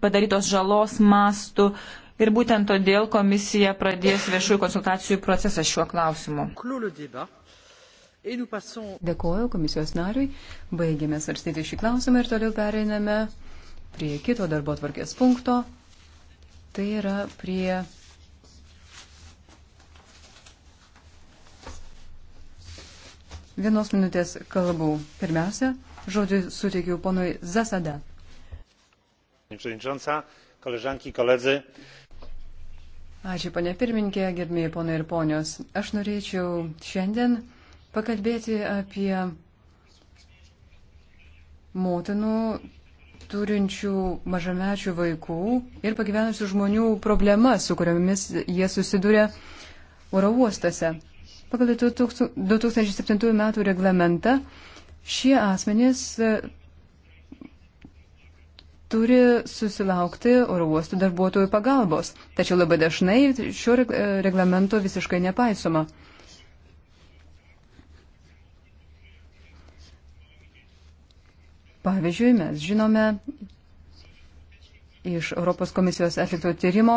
padarytos žalos mastų ir būtent todėl komisija pradės viešųjų konsultacijų procesą šiuo klausimu. Dėkuoju komisijos nariui. Baigėme svarstyti šį klausimą ir toliau pereiname prie kito darbo tvarkės punkto. Tai yra prie vienos minutės kalbų. Pirmiausia, žodžiu suteikiu ponui Zasada. Ačiū, ponė pirmininkė, gerbėjai ponai ir ponios. Aš norėčiau šiandien pakalbėti apie motinų turinčių mažamečių vaikų ir pagyvenusių žmonių problemas, su kuriomis jie susiduria oro uostose. Pagal 2007 m. reglamentą šie asmenys turi susilaukti oro uostų darbuotojų pagalbos. Tačiau labai dažnai šio e, reglamento visiškai nepaisoma. Pavyzdžiui, mes žinome iš Europos komisijos atlikto tyrimo,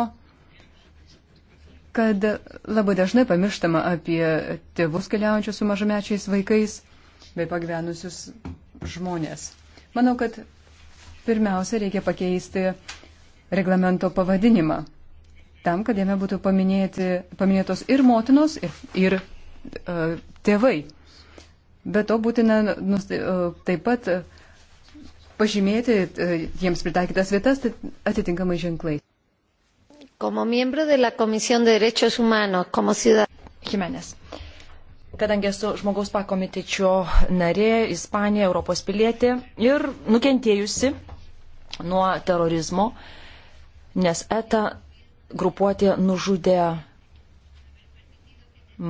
kad labai dažnai pamirštama apie tėvus keliaujančius su mažamečiais vaikais bei pagyvenusius žmonės. Manau, kad pirmiausia, reikia pakeisti reglamento pavadinimą, tam, kad jame būtų paminėti, paminėtos ir motinos, ir, ir uh, tėvai. Be to būtina nus, uh, taip pat uh, pažymėti uh, jiems pritaikytas vietas tai atitinkamai ženklai. Como miembro de la Comisión de Derechos Humanos, como ciudad... Jimenez. Kadangi esu žmogaus pakomitečio narė, Ispanija, Europos pilietė ir nukentėjusi nuo terorizmo, nes ETA grupuotė nužudė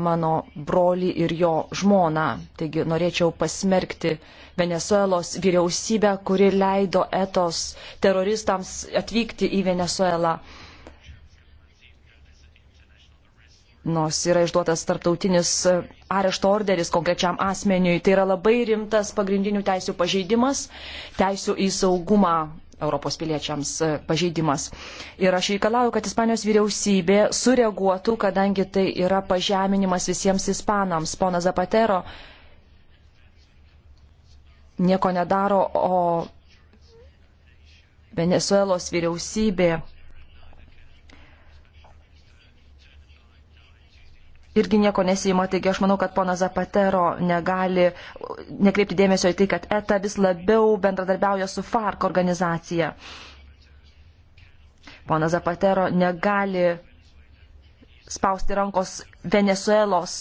mano brolį ir jo žmoną. Taigi norėčiau pasmerkti Venezuelos vyriausybę, kuri leido etos teroristams atvykti į Venezuelą. nors yra išduotas tarptautinis arešto orderis konkrečiam asmeniui. Tai yra labai rimtas pagrindinių teisų pažeidimas, teisų į saugumą Europos piliečiams e, pažeidimas. Ir aš reikalauju, kad Ispanijos vyriausybė sureaguotų, kadangi tai yra pažeminimas visiems ispanams. Pona Zapatero nieko nedaro, o Venezuelos vyriausybė irgi nieko nesijima, taigi aš manau, kad ponas Zapatero negali nekreipti dėmesio į tai, kad ETA vis labiau bendradarbiauja su FARC organizacija. Ponas Zapatero negali spausti rankos Venezuelos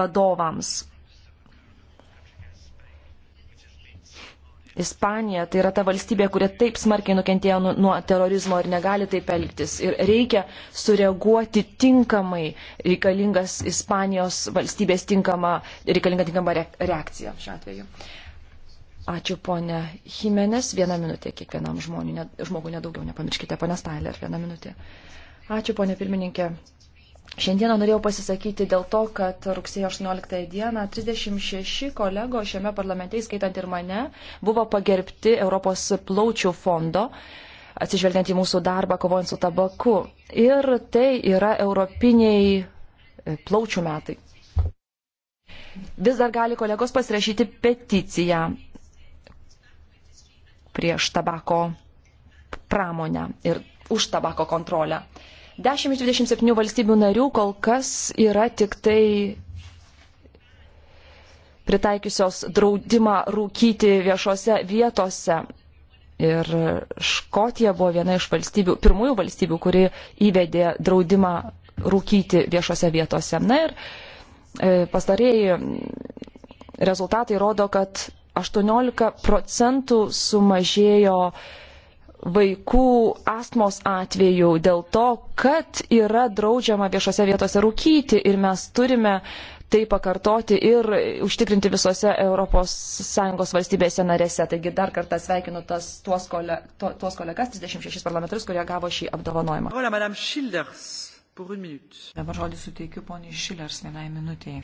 vadovams. Ispanija tai yra ta valstybė, kuri taip smarkiai nukentėjo nuo, nuo terorizmo ir negali taip elgtis. Ir reikia sureaguoti tinkamai reikalingas Ispanijos valstybės tinkama, reikalinga tinkama reakcija šiuo atveju. Ačiū ponė Jimenez, vieną minutę kiekvienam žmonių, ne, žmogui nedaugiau, nepamirškite ponė Stailer, vieną minutę. Ačiū ponė pirmininkė. Šiandieną norėjau pasisakyti dėl to, kad rugsėjo 18 dieną 36 kolego šiame parlamente, skaitant ir mane, buvo pagerbti Europos plaučių fondo, atsižvelgiant į mūsų darbą kovojant su tabaku. Ir tai yra europiniai e, plaučių metai. Vis dar gali kolegos pasirašyti peticiją prieš tabako pramonę ir už tabako kontrolę. 10 iš 27 valstybių narių kol kas yra tik tai pritaikiusios draudimą rūkyti viešose vietose. Ir Škotija buvo viena iš valstybių, pirmųjų valstybių, kuri įvedė draudimą rūkyti viešose vietose. Na ir e, pastarėjai rezultatai rodo, kad 18 procentų sumažėjo e, vaikų astmos atveju dėl to, kad yra draudžiama viešose vietose rūkyti ir mes turime tai pakartoti ir užtikrinti visose ES valstybėse narėse. Taigi dar kartą sveikinu tas, tuos, kole, to, tuos kolegas, 36 parlamentarus, kurie gavo šį apdovanojimą. Dabar žodį suteikiu poniai Šilers vienai minutiai.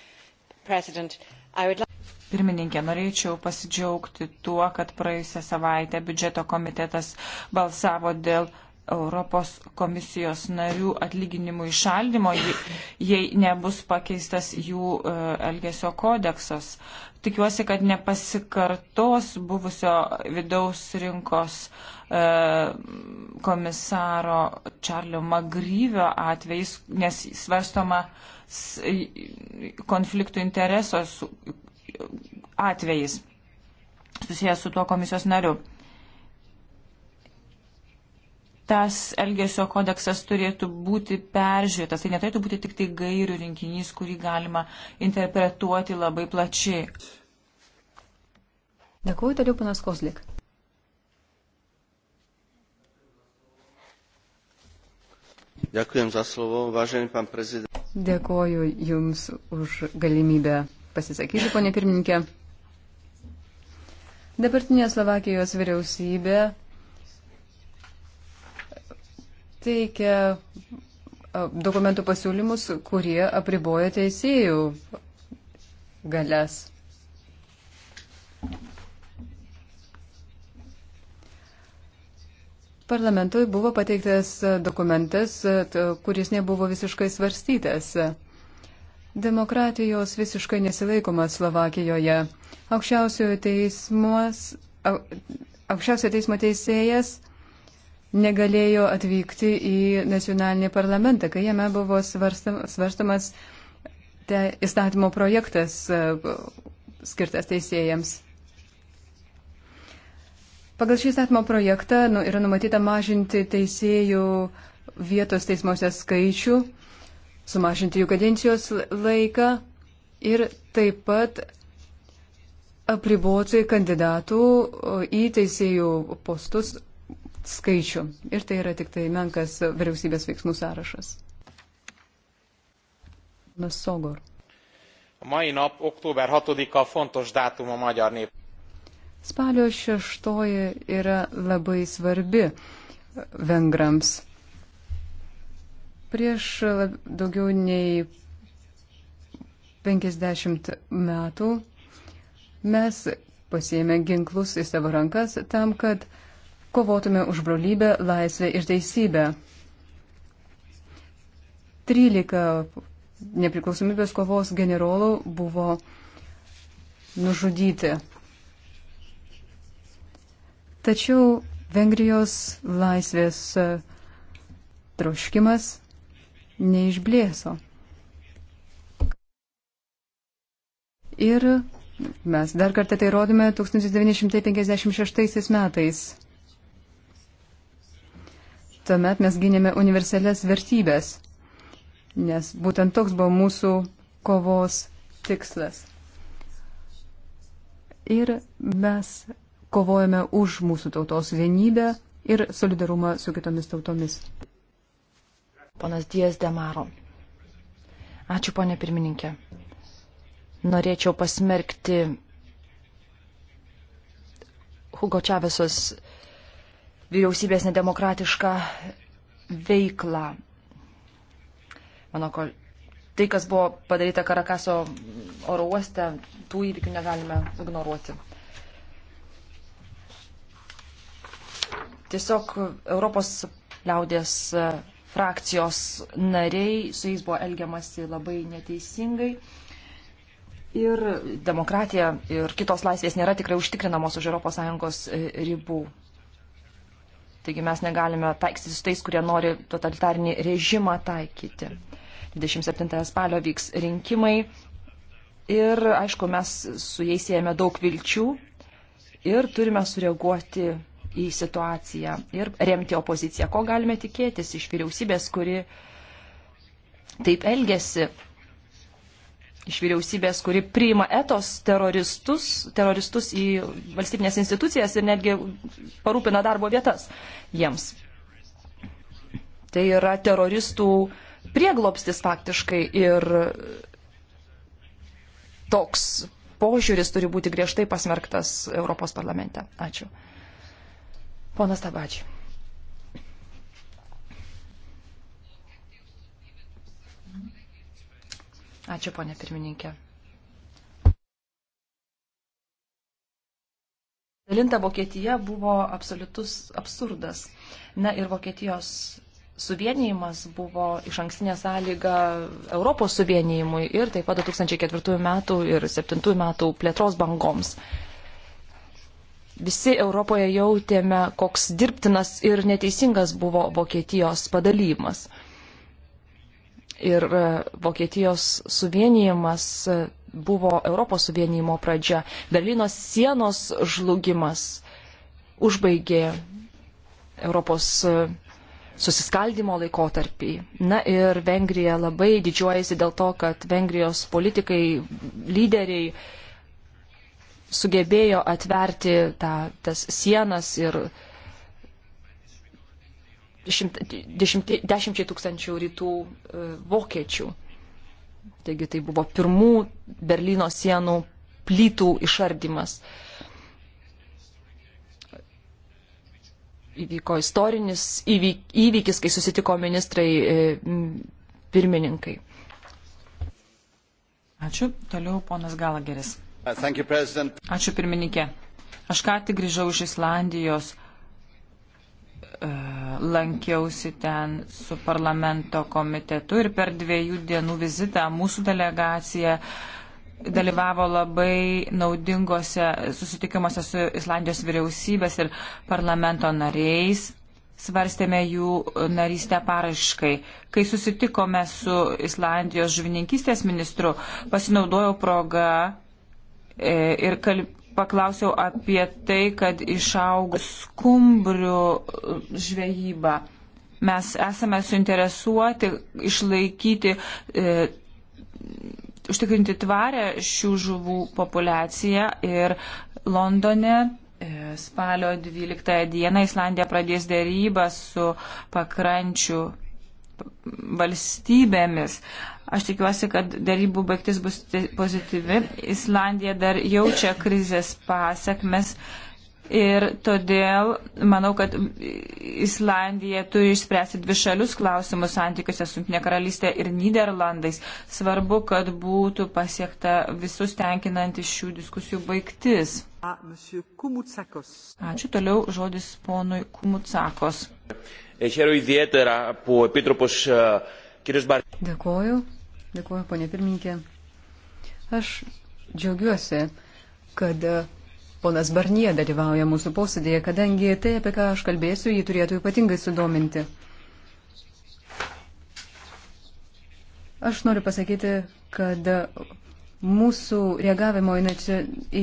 President, would... Pirmininkė, norėčiau pasidžiaugti tuo, kad praėjusią savaitę biudžeto komitetas balsavo dėl Europos komisijos narių atlyginimų išaldymo, jei nebus pakeistas jų e, elgesio kodeksas. Tikiuosi, kad nepasikartos buvusio vidaus rinkos e, komisaro Čarlio Magryvio atvejais, nes svarstoma konfliktų interesos atvejais susijęs su tuo komisijos nariu. Tas elgesio kodeksas turėtų būti peržiūrėtas. Tai neturėtų būti tik tai gairių rinkinys, kurį galima interpretuoti labai plačiai. Dėkuoju, toliau panas Koslik. Dėkuoju Jums už galimybę pasisakyti, ponė pirmininkė. Dabartinė Slovakijos vyriausybė teikia dokumentų pasiūlymus, kurie apriboja teisėjų galias. Parlamentui buvo pateiktas dokumentas, kuris nebuvo visiškai svarstytas. Demokratijos visiškai nesilaikoma Slovakijoje. Aukščiausiojo, teismos, aukščiausiojo teismo teisėjas negalėjo atvykti į nacionalinį parlamentą, kai jame buvo svarstam, svarstamas te, įstatymo projektas e, skirtas teisėjams. Pagal šį įstatymo projektą nu, yra numatyta mažinti teisėjų vietos teismuose skaičių sumažinti jų kadencijos laiką ir taip pat apriboti kandidatų į teisėjų postus skaičių. Ir tai yra tik tai menkas vyriausybės veiksmų sąrašas. Nasogor. A mai nap, október 6-a fontos dátum a magyar nép. Spalio 6 yra labai svarbi vengrams. Prieš daugiau nei 50 metų mes pasiėmė ginklus į savo rankas tam, kad kovotume už brolybę, laisvę ir teisybę. 13 nepriklausomybės kovos generolų buvo nužudyti. Tačiau Vengrijos laisvės troškimas neišblėso. Ir mes dar kartą tai rodome 1956 metais. Tuomet mes gynėme universalias vertybės, nes būtent toks buvo mūsų kovos tikslas. Ir mes kovojame už mūsų tautos vienybę ir solidarumą su kitomis tautomis ponas Dijas Demaro. Ačiū, ponė pirmininkė. Norėčiau pasmerkti Hugo Čavesos vyriausybės nedemokratišką veiklą. Mano kol... Tai, kas buvo padaryta Karakaso oro uoste, tų įvykių negalime ignoruoti. Tiesiog Europos liaudės frakcijos nariai, su jais buvo elgiamasi labai neteisingai. Ir demokratija ir kitos laisvės nėra tikrai užtikrinamos už ES e, ribų. Taigi mes negalime taikstyti su tais, kurie nori totalitarinį režimą taikyti. 27 spalio vyks rinkimai ir, aišku, mes su jais siejame daug vilčių ir turime sureaguoti į situaciją ir remti opoziciją. Ko galime tikėtis iš vyriausybės, kuri taip elgesi, iš vyriausybės, kuri priima etos teroristus, teroristus į valstybinės institucijas ir netgi parūpina darbo vietas jiems. Tai yra teroristų prieglopstis faktiškai ir toks požiūris turi būti griežtai pasmerktas Europos parlamente. Ačiū. Ponas Tabačiai. Ačiū, ponė pirmininkė. Dalinta Vokietija buvo absoliutus absurdas. Na ir Vokietijos suvienijimas buvo iš ankstinė sąlyga Europos suvienijimui ir taip pat 2004 metų ir 2007 metų plėtros bangoms visi Europoje jautėme, koks dirbtinas ir neteisingas buvo Vokietijos padalymas. Ir e, Vokietijos suvienijimas e, buvo Europos suvienijimo pradžia. Berlyno sienos žlugimas užbaigė Europos e, susiskaldimo laikotarpį. Na ir Vengrija labai didžiuojasi dėl to, kad Vengrijos politikai, lyderiai, sugebėjo atverti tą, tas sienas ir šimt, dešimt, dešimčiai tūkstančių rytų e, vokiečių. Taigi tai buvo pirmų Berlyno sienų plytų išardimas. Įvyko istorinis įvyk, įvykis, kai susitiko ministrai e, pirmininkai. Ačiū. Toliau ponas Galageris. Uh, Ačiū pirmininkė. Aš ką tik grįžau iš Islandijos, uh, lankiausi ten su parlamento komitetu ir per dviejų dienų vizitą mūsų delegacija dalyvavo labai naudingose susitikimuose su Islandijos vyriausybės ir parlamento nariais. Svarstėme jų narystę paraiškai. Kai susitikome su Islandijos žuvininkystės ministru, pasinaudojau progą E, ir kal, paklausiau apie tai, kad išaugo skumbrių e, žvejyba. Mes esame suinteresuoti išlaikyti, e, užtikrinti tvarę šių žuvų populiaciją ir Londone e, spalio 12 dieną Islandija pradės dėrybą su pakrančių valstybėmis. Aš tikiuosi, kad darybų baigtis bus pozityvi. Islandija dar jaučia krizės pasiekmes. Ir todėl manau, kad Islandija turi išspręsti dvi šalius klausimus santykiuose su Junktinė karalystė ir Niderlandais. Svarbu, kad būtų pasiekta visus tenkinanti šių diskusijų baigtis. Ačiū toliau žodis ponui Kumutsakos. Χαίρομαι ιδιαίτερα που ο Επίτροπος κ. Μπαρνιέ. Dėkoju, dėkoju, ponė pirmininkė. Aš džiaugiuosi, kad e, ponas Barnie dalyvauja mūsų posėdėje, kadangi tai, apie ką aš kalbėsiu, jį turėtų ypatingai sudominti. Aš noriu pasakyti, kad e, mūsų reagavimo į,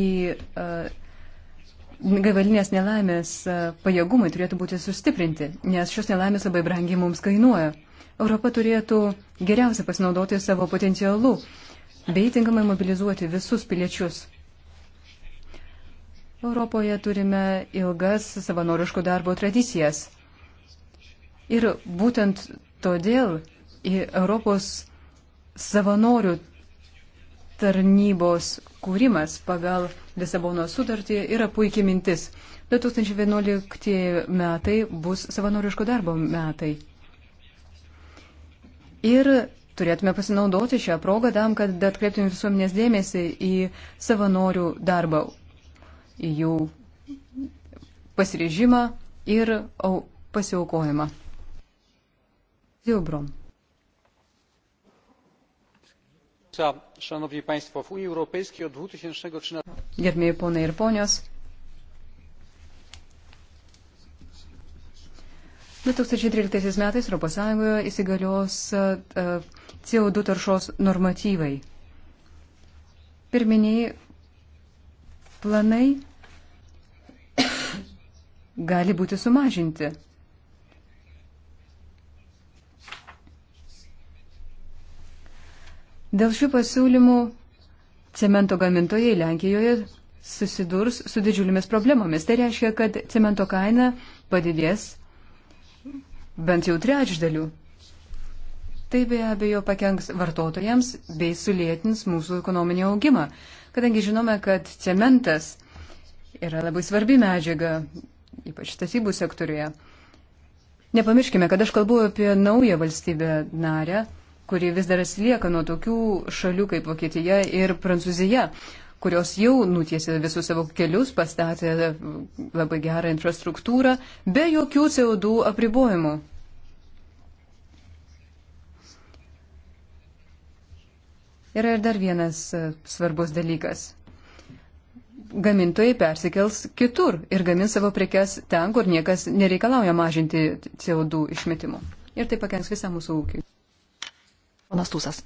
į uh, gaivalinės nelaimės e, pajėgumai turėtų būti sustiprinti, nes šios nelaimės labai brangiai mums kainuoja. Europa turėtų geriausiai pasinaudoti savo potencialu bei tinkamai mobilizuoti visus piliečius. Europoje turime ilgas savanoriško darbo tradicijas. Ir būtent todėl į Europos savanorių tarnybos atkūrimas pagal Lisabono sutartį yra puikia mintis. 2011 metai bus savanoriško darbo metai. Ir turėtume pasinaudoti šią progą tam, kad atkreiptume visuomenės dėmesį į savanorių darbą, į jų pasirežimą ir pasiaukojimą. Dilbrom. Gerbėjai ponai ir ponios, 2013 metais Europos Sąjungoje įsigalios e, CO2 taršos normatyvai. Pirminiai planai gali būti sumažinti. Dėl šių pasiūlymų cemento gamintojai Lenkijoje susidurs su didžiulėmis problemomis. Tai reiškia, kad cemento kaina padidės bent jau trečdaliu. Tai be abejo pakenks vartotojams bei sulėtins mūsų ekonominį augimą, kadangi žinome, kad cementas yra labai svarbi medžiaga, ypač statybų sektoriuje. Nepamirškime, kad aš kalbu apie naują valstybę narę kuri vis dar atsilieka nuo tokių šalių kaip Vokietija ir Prancūzija, kurios jau nutiesė visus savo kelius, pastatė labai gerą infrastruktūrą be jokių CO2 apribojimų. Yra ir dar vienas e, svarbus dalykas. Gamintojai persikels kitur ir gamins savo prekes ten, kur niekas nereikalauja mažinti CO2 išmetimų. Ir tai pakenks visą mūsų ūkiui. Ponas Tūsas.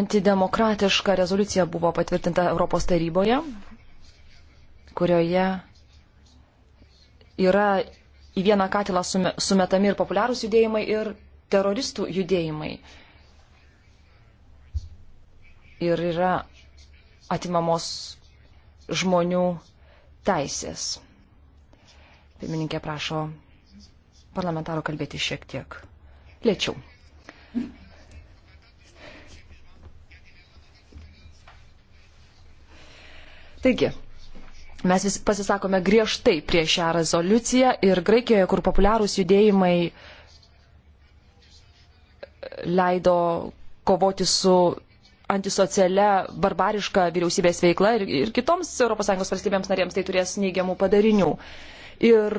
Antidemokratiška rezoliucija buvo patvirtinta Europos taryboje, kurioje yra į vieną katilą sumetami ir populiarūs judėjimai, ir teroristų judėjimai. Ir yra atimamos žmonių teisės. Pirmininkė prašo parlamentaro kalbėti šiek tiek lėčiau. Taigi, mes visi pasisakome griežtai prieš šią rezoliuciją ir Graikijoje, kur populiarūs judėjimai leido kovoti su antisocialia, barbariška vyriausybės veikla ir, ir kitoms ES valstybėms narėms tai turės neigiamų padarinių. Ir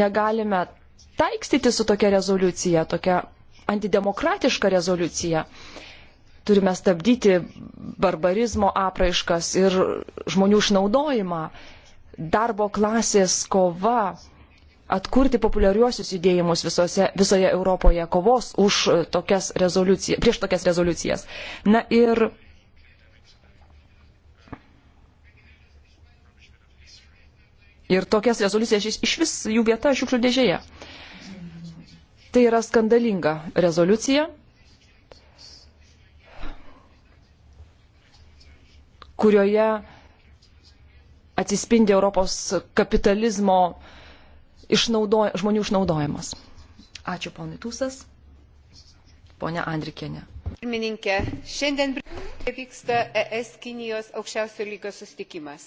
negalime taikstyti su tokia rezoliucija, tokia antidemokratiška rezoliucija. Turime stabdyti barbarizmo apraiškas ir žmonių išnaudojimą. Darbo klasės kova atkurti populiariuosius judėjimus visose, visoje Europoje kovos už tokias prieš tokias rezoliucijas. Na ir Ir tokias rezoliucijas iš, iš vis jų vieta šiukšlių dėžėje. Tai yra skandalinga rezoliucija, kurioje atsispindi Europos kapitalizmo uh, išnaudoj, žmonių išnaudojimas. Ačiū ponui Tūsas. Pone Andrikienė. Pirmininkė, šiandien vyksta ES Kinijos aukščiausio lygio sustikimas.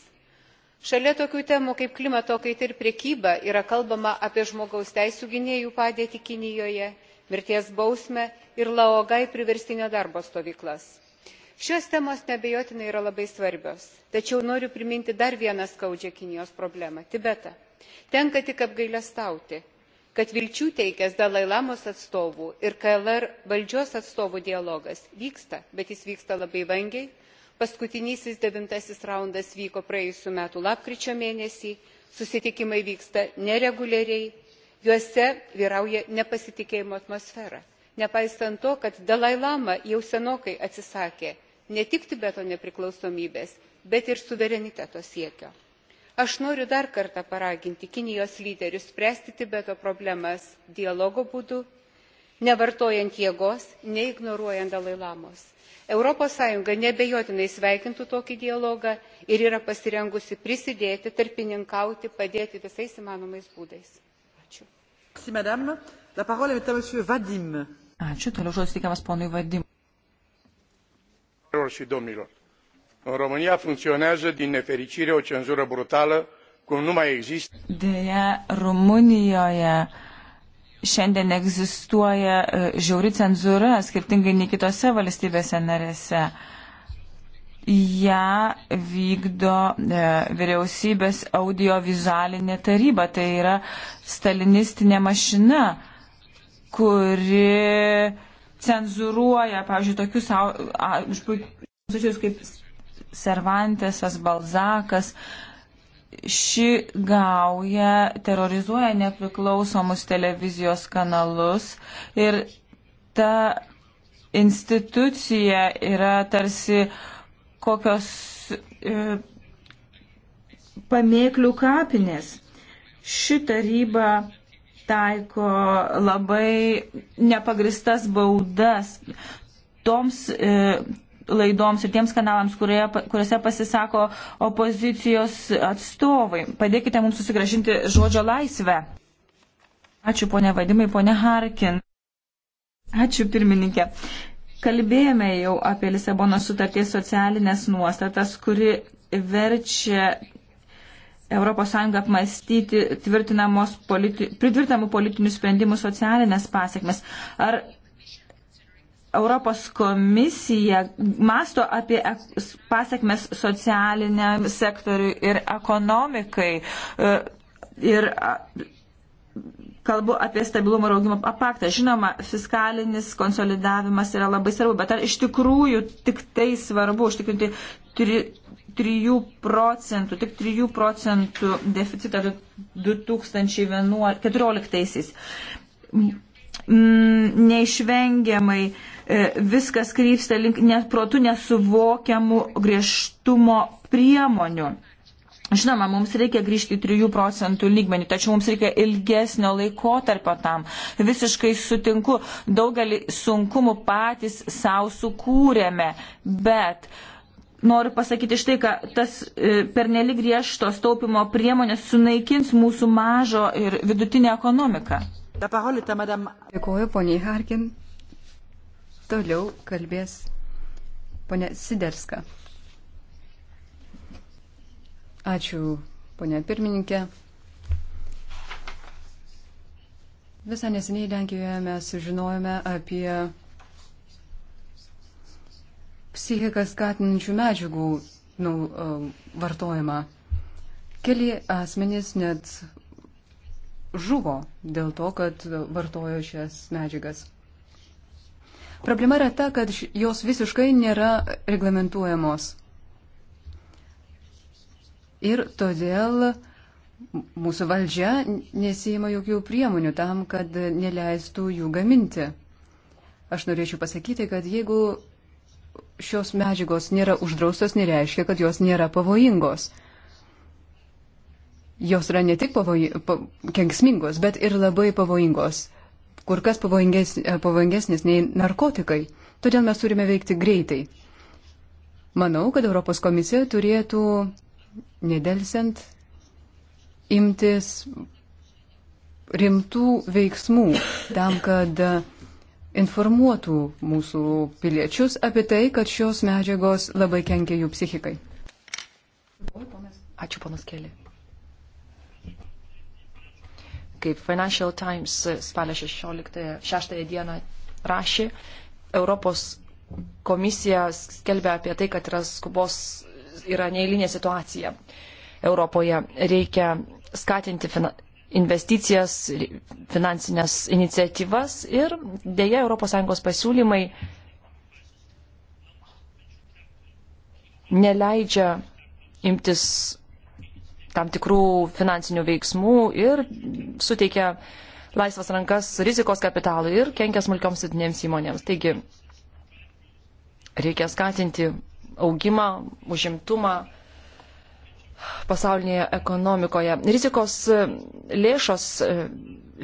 Šalia tokių temų kaip klimato kaita ir priekyba yra kalbama apie žmogaus teisų gynėjų padėtį Kinijoje, mirties bausmę ir laogai priverstinio darbo stovyklas. Šios temos nebejotinai yra labai svarbios, tačiau noriu priminti dar vieną skaudžią Kinijos problemą – Tibetą. Tenka tik apgailestauti, kad vilčių teikęs Dalai Lamos atstovų ir KLR valdžios atstovų dialogas vyksta, bet jis vyksta labai vangiai. Paskutinysis devintasis raundas vyko praėjusiu metu lapkričio mėnesį, susitikimai vyksta nereguliariai, juose vyrauja nepasitikėjimo atmosfera nepaisant to kad dalai lama jau senokai atsisakė ne tik tibeto nepriklausomybės bet ir suvereniteto siekio aš noriu dar kartą paraginti kinijos lyderius spręsti tibeto problemas dialogo būdu nevartojant jėgos neignoruojant dalai lamos. europos sąjunga neabejotinai sveikintų tokį dialogą ir yra pasirengusi prisidėti tarpininkauti padėti visais įmanomais būdais. ačiū. ačiū. toliau žodis teikiamas ponui vadimui în românia funcționează din nefericire o cenzură brutală cum nu mai există. Deja Rumunijoje šiandien egzistuoja žiauri e, cenzūra, skirtingai nei kitose valstybėse narėse. Ja vykdo e, vyriausybės audiovizualinė taryba, tai yra stalinistinė mašina, kuri cenzūruoja, pavyzdžiui, tokius žodžius kaip Servantesas, Balzakas. Ši gauja terrorizuoja nepriklausomus televizijos kanalus ir ta institucija yra tarsi kokios e, pamėklių kapinės. Ši taryba taiko labai nepagristas baudas toms e, laidoms ir tiems kanalams, kurie, kuriuose pasisako opozicijos atstovai. Padėkite mums susigražinti žodžio laisvę. Ačiū ponia Vadimai, ponia Harkin. Ačiū pirmininkė. Kalbėjome jau apie Lisabono sutarties socialinės nuostatas, kuri verčia ES apmastyti tvirtinamos politi pritvirtinamų politinių sprendimų socialinės pasiekmes. Ar Europos komisija masto apie pasiekmes socialiniam sektoriui ir ekonomikai. E, ir kalbu apie stabilumo ir augimo paktą. Žinoma, fiskalinis konsolidavimas yra labai svarbu, bet ar iš tikrųjų tik tai svarbu užtikrinti 3 procentų, tik 3 procentų deficitą 2014? Neišvengiamai E, viskas krypsta link protų nesuvokiamų griežtumo priemonių. Žinoma, mums reikia grįžti į 3 procentų lygmenį, tačiau mums reikia ilgesnio laiko tarpio tam. Visiškai sutinku, daugelį sunkumų patys savo sukūrėme, bet noriu pasakyti štai, kad tas e, pernelyg griežtos taupimo priemonės sunaikins mūsų mažo ir vidutinę ekonomiką. Dėkuoju, poniai Harkin. Toliau kalbės ponė Siderska. Ačiū, ponė pirmininkė. Visą neseniai Lenkijoje mes sužinojome apie psichiką skatinančių medžiagų nu, vartojimą. Keli asmenys net žuvo dėl to, kad vartojo šias medžiagas. Problema yra ta, kad jos visiškai nėra reglamentuojamos. Ir todėl mūsų valdžia nesijima jokių priemonių tam, kad neleistų jų gaminti. Aš norėčiau pasakyti, kad jeigu šios medžiagos nėra uždraustos, nereiškia, kad jos nėra pavojingos. Jos yra ne tik pavoj... pa... kenksmingos, bet ir labai pavojingos kur kas pavojinges, e, pavojingesnis nei narkotikai. Todėl mes turime veikti greitai. Manau, kad Europos komisija turėtų nedelsiant imtis rimtų veiksmų tam, kad informuotų mūsų piliečius apie tai, kad šios medžiagos labai kenkia jų psichikai. Ačiū, ponas Keli kaip Financial Times e, spalio 16 dieną rašė, Europos komisija skelbia apie tai, kad yra skubos, yra neįlinė situacija Europoje. Reikia skatinti fina, investicijas, finansinės iniciatyvas ir dėja ES pasiūlymai neleidžia imtis tam tikrų finansinių veiksmų ir suteikia laisvas rankas rizikos kapitalui ir kenkia smulkioms didinėms įmonėms. Taigi reikia skatinti augimą, užimtumą pasaulinėje ekonomikoje. Rizikos e, lėšos e,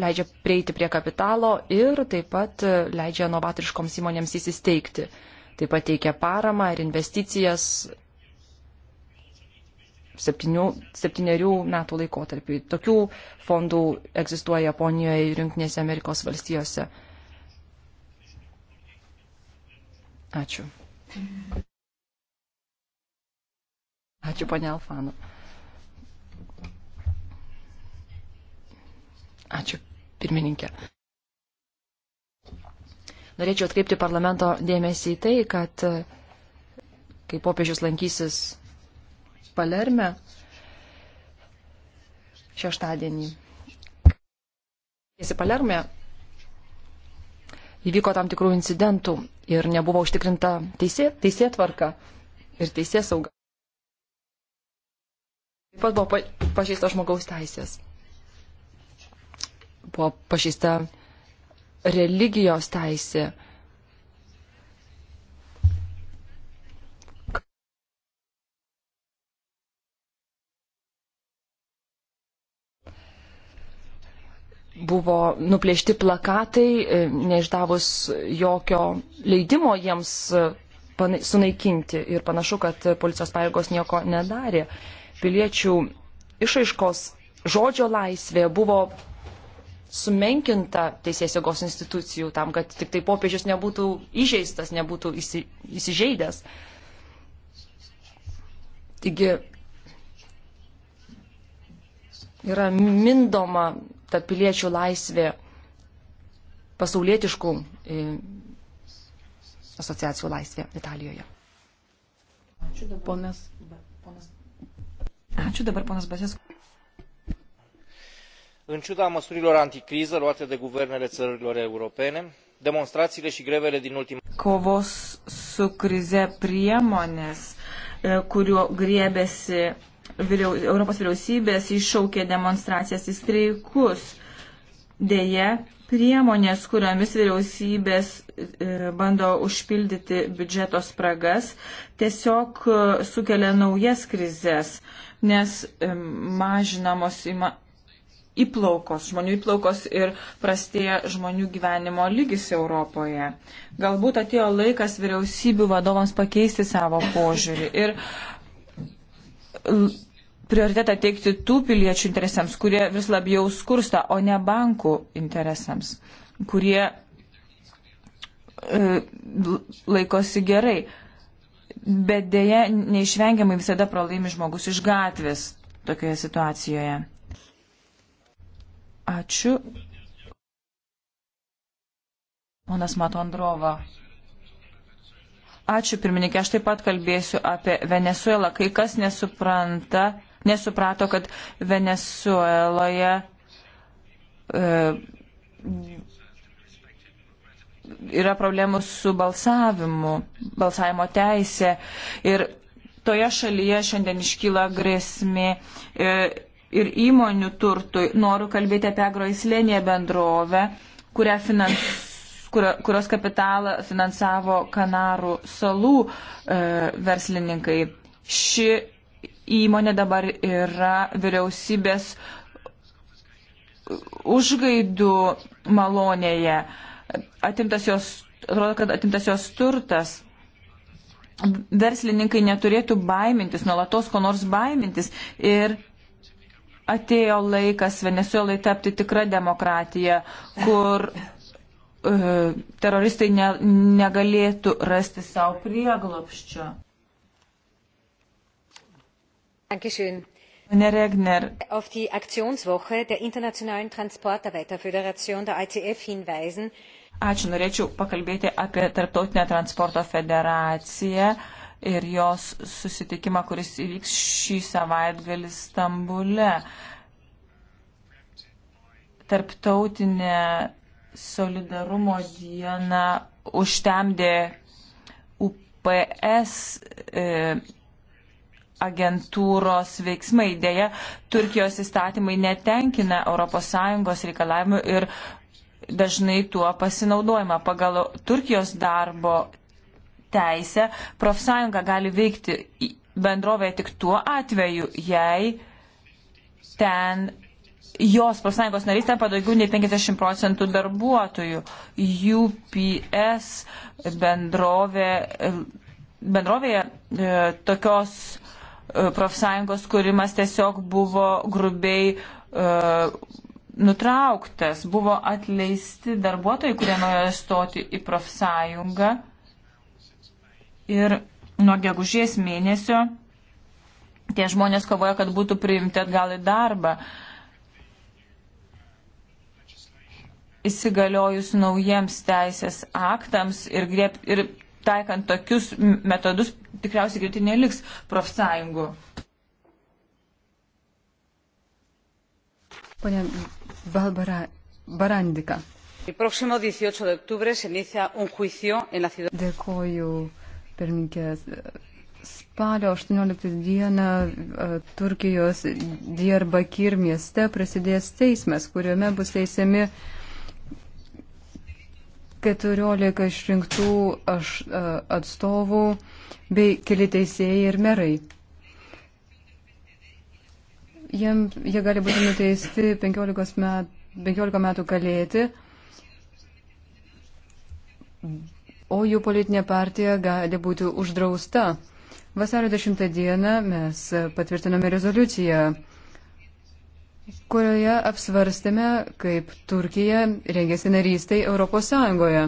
leidžia prieiti prie kapitalo ir taip pat e, leidžia novatoriškoms įmonėms įsisteigti. Taip pat teikia paramą ir investicijas septyniarių metų laikotarpiui. Tokių fondų egzistuoja Japonijoje ir Junktinėse Amerikos valstijose. Ačiū. Ačiū, ponė Alfano. Ačiū, pirmininkė. Norėčiau atkreipti parlamento dėmesį į tai, kad e, kai popiežius lankysis Palerme šeštadienį. Jis į Palermę įvyko tam tikrų incidentų ir nebuvo užtikrinta teisė, teisė tvarka ir teisė sauga. Taip pat buvo pažeista žmogaus teisės. Buvo pažeista religijos teisė buvo nuplėšti plakatai, e, neišdavus jokio leidimo jiems e, sunaikinti ir panašu, kad policijos pareigos nieko nedarė. Piliečių išaiškos žodžio laisvė buvo sumenkinta teisės jėgos institucijų tam, kad tik tai popiežius nebūtų įžeistas, nebūtų įsi, įsižeidęs. Taigi yra mindoma ta piliečių laisvė pasaulietiškų e, asociacijų laisvė Italijoje. Ačiū dabar, ponas, ponas, Ačiū dabar, ponas Basės. În ciuda măsurilor anticriză luate de guvernele țărilor europene, demonstrațiile și grevele din ultimul... Kovos su krize priemonės, e, kuriuo griebėsi vyliau, Europos vyriausybės iššaukė demonstracijas į streikus. Deja, priemonės, kuriomis vyriausybės e, bando užpildyti biudžeto spragas, tiesiog e, sukelia naujas krizės, nes e, mažinamos ima įplaukos, žmonių įplaukos ir prastėja žmonių gyvenimo lygis Europoje. Galbūt atėjo laikas vyriausybių vadovams pakeisti savo požiūrį ir prioritetą teikti tų piliečių interesams, kurie vis labiau skursta, o ne bankų interesams, kurie e, laikosi gerai. Bet dėja, neišvengiamai visada pralaimi žmogus iš gatvės tokioje situacijoje. Ačiū. Ponas Matondrova. Ačiū pirmininkė, aš taip pat kalbėsiu apie Venezuelą. Kai kas nesupranta, nesuprato, kad Venezueloje e, yra problemų su balsavimu, balsavimo teisė. Ir toje šalyje šiandien iškyla grėsmė e, ir įmonių turtui. Noriu kalbėti apie agroislėnėje bendrovę, finans, kurios kapitalą finansavo Kanarų salų e, verslininkai. Ši įmonė dabar yra vyriausybės užgaidų malonėje. Atimtas jos, atrodo, kad atimtas jos turtas. Verslininkai neturėtų baimintis, nuolatos ko nors baimintis. Ir atėjo laikas Venezuelai tapti tikrą demokratiją, kur e, teroristai ne, negalėtų rasti savo prieglopščio. Dankeschön. Regner. auf die Aktionswoche der Internationalen Transportarbeiterföderation der ITF hinweisen. Ačiū, norėčiau pakalbėti apie Tarptautinę transporto federaciją ir jos susitikimą, kuris įvyks šį savaitgalį Stambule. Tarptautinė solidarumo diena užtemdė UPS. E, agentūros veiksmai. Dėja, Turkijos įstatymai netenkina ES reikalavimų ir dažnai tuo pasinaudojama. Pagal Turkijos darbo teisę profsąjunga gali veikti bendrovėje tik tuo atveju, jei ten jos profsąjungos narys tampa daugiau nei 50 procentų darbuotojų. UPS bendrovė, bendrovėje e, tokios E, profsąjungos kūrimas tiesiog buvo grubiai uh, nutrauktas, buvo atleisti darbuotojai, kurie norėjo stoti į profsąjungą. Ir nuo gegužės mėnesio tie žmonės kovoja, kad būtų priimti atgal į darbą. Įsigaliojus naujiems teisės aktams ir, griep, ir taikant tokius metodus, tikriausiai greitai neliks profsąjungų. Pone Balbara Barandika. Dėkoju, pirmininkė. Spalio 18 dieną e, Turkijos Dierbakir mieste prasidės teismas, kuriame bus teisiami uh, 14 išrinktų aš, e, atstovų bei keli teisėjai ir merai. Jiem, jie gali būti nuteisti 15, met, 15 metų kalėti, o jų politinė partija gali būti uždrausta. Vasario 10 dieną mes patvirtiname rezoliuciją kurioje apsvarstėme, kaip Turkija rengėsi narystai Europos Sąjungoje.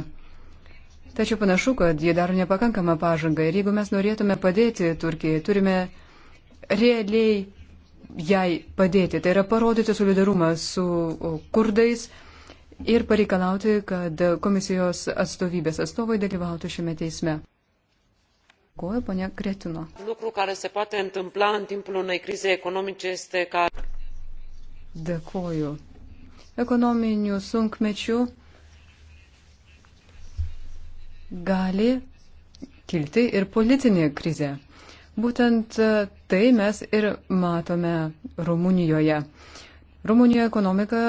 Tačiau panašu, kad jie daro nepakankamą pažangą ir jeigu mes norėtume padėti Turkijai, turime realiai jai padėti. Tai yra parodyti solidarumą su kurdais ir pareikalauti, kad komisijos atstovybės atstovai dalyvautų šiame teisme. Dėkuoju, ponia Kretino. Lucru care se poate întâmpla în timpul unei crize economice este ca Dėkoju. Ekonominių sunkmečių gali kilti ir politinė krizė. Būtent tai mes ir matome Rumunijoje. Rumunijoje ekonomika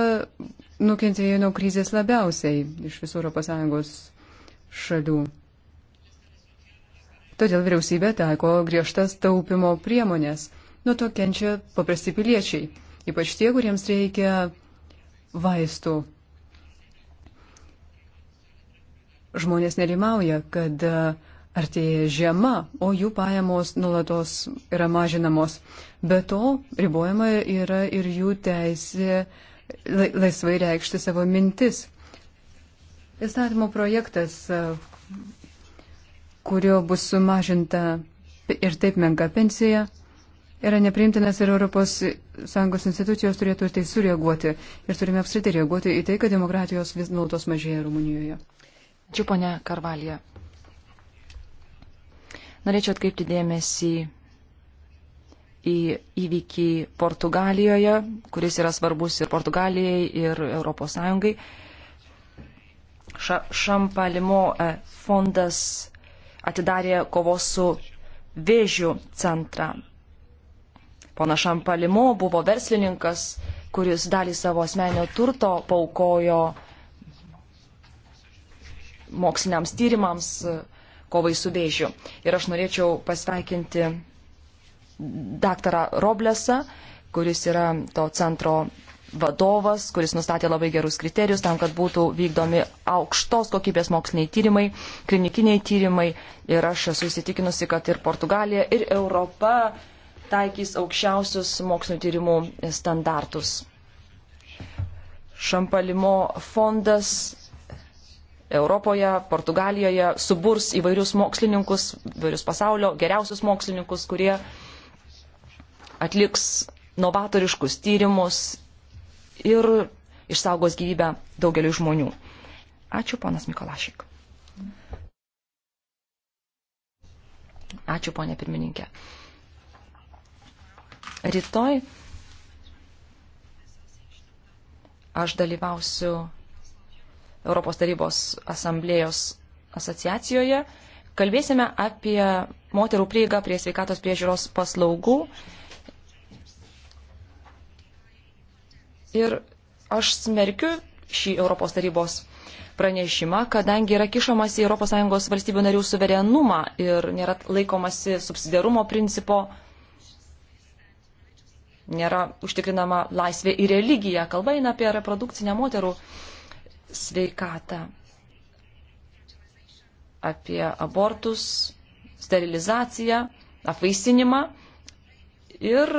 nukentėjo nuo krizės labiausiai iš visų ES šalių. Todėl vyriausybė taiko griežtas taupimo priemonės. Nuo to kenčia paprasti piliečiai ypač tie, kuriems reikia vaistų. Žmonės nerimauja, kad e, artėja žiema, o jų pajamos nulatos yra mažinamos. Be to, ribojama yra ir jų teisė laisvai reikšti savo mintis. Įstatymo projektas, e, kurio bus sumažinta ir taip menka pensija, yra nepriimtinas ir ES institucijos turėtų ir tai sureaguoti. Ir turime apskritai reaguoti į tai, kad demokratijos vis nuolatos mažėja Rumunijoje. Čia ponia Karvalija. Norėčiau atkreipti dėmesį į įvykį Portugalijoje, kuris yra svarbus ir Portugalijai, ir ES. Ša Šampalimo e, fondas atidarė kovos su vėžiu centrą Pona Šampalimo buvo verslininkas, kuris dalį savo asmenio turto paukojo moksliniams tyrimams e, kovai su vėžiu. Ir aš norėčiau pasveikinti daktarą Roblesą, kuris yra to centro vadovas, kuris nustatė labai gerus kriterijus tam, kad būtų vykdomi aukštos kokybės moksliniai tyrimai, klinikiniai tyrimai. Ir aš esu įsitikinusi, kad ir Portugalija, ir Europa taikys aukščiausius mokslinio tyrimų standartus. Šampalimo fondas Europoje, Portugalijoje suburs įvairius mokslininkus, įvairius pasaulio geriausius mokslininkus, kurie atliks novatoriškus tyrimus ir išsaugos gyvybę daugeliu žmonių. Ačiū, ponas Mikolašik. Ačiū, ponė pirmininkė. Rytoj aš dalyvausiu Europos tarybos asamblėjos asociacijoje. Kalbėsime apie moterų prieigą prie sveikatos priežiūros paslaugų. Ir aš smerkiu šį Europos tarybos pranešimą, kadangi yra kišamas į ES valstybių narių suverenumą ir nėra laikomasi subsidiarumo principo nėra užtikrinama laisvė į religiją. Kalba eina apie reprodukcinę moterų sveikatą, apie abortus, sterilizaciją, apvaisinimą ir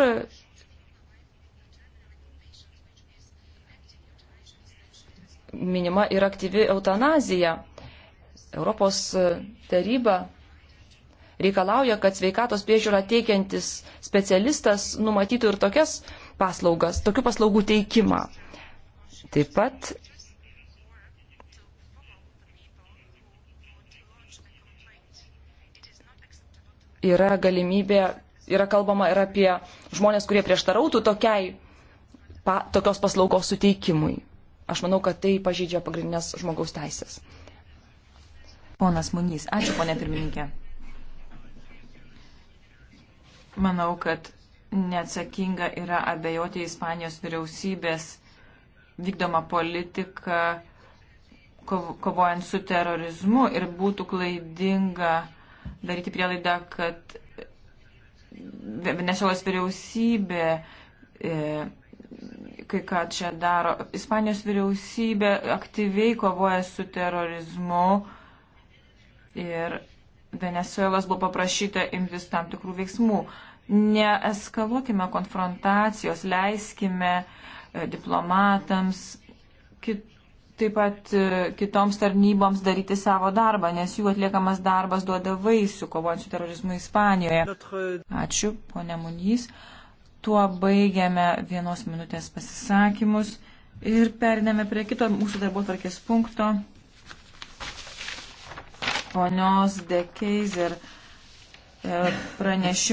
minima ir aktyvi eutanazija. Europos taryba reikalauja, kad sveikatos priežiūra teikiantis specialistas numatytų ir tokias paslaugas, tokių paslaugų teikimą. Taip pat yra galimybė, yra kalbama ir apie žmonės, kurie prieštarautų tokiai, pa, tokios paslaugos suteikimui. Aš manau, kad tai pažydžia pagrindinės žmogaus teisės. Ponas Munys, ačiū ponė pirmininkė. Manau, kad neatsakinga yra abejoti Ispanijos vyriausybės vykdoma politika kovojant su terorizmu ir būtų klaidinga daryti prielaidą, kad Venezuelos vyriausybė e, kai ką čia daro. Ispanijos vyriausybė aktyviai kovoja su terorizmu ir Venezuelos buvo paprašyta imtis tam tikrų veiksmų. Neeskaluokime konfrontacijos, leiskime e, diplomatams, kit, taip pat e, kitoms tarnyboms daryti savo darbą, nes jų atliekamas darbas duoda vaisių kovojant su terorizmu Ispanijoje. Ačiū, ponė Munys. Tuo baigiame vienos minutės pasisakymus ir periname prie kito mūsų darbo tvarkės punkto ponios De Keiser e, pranešimą.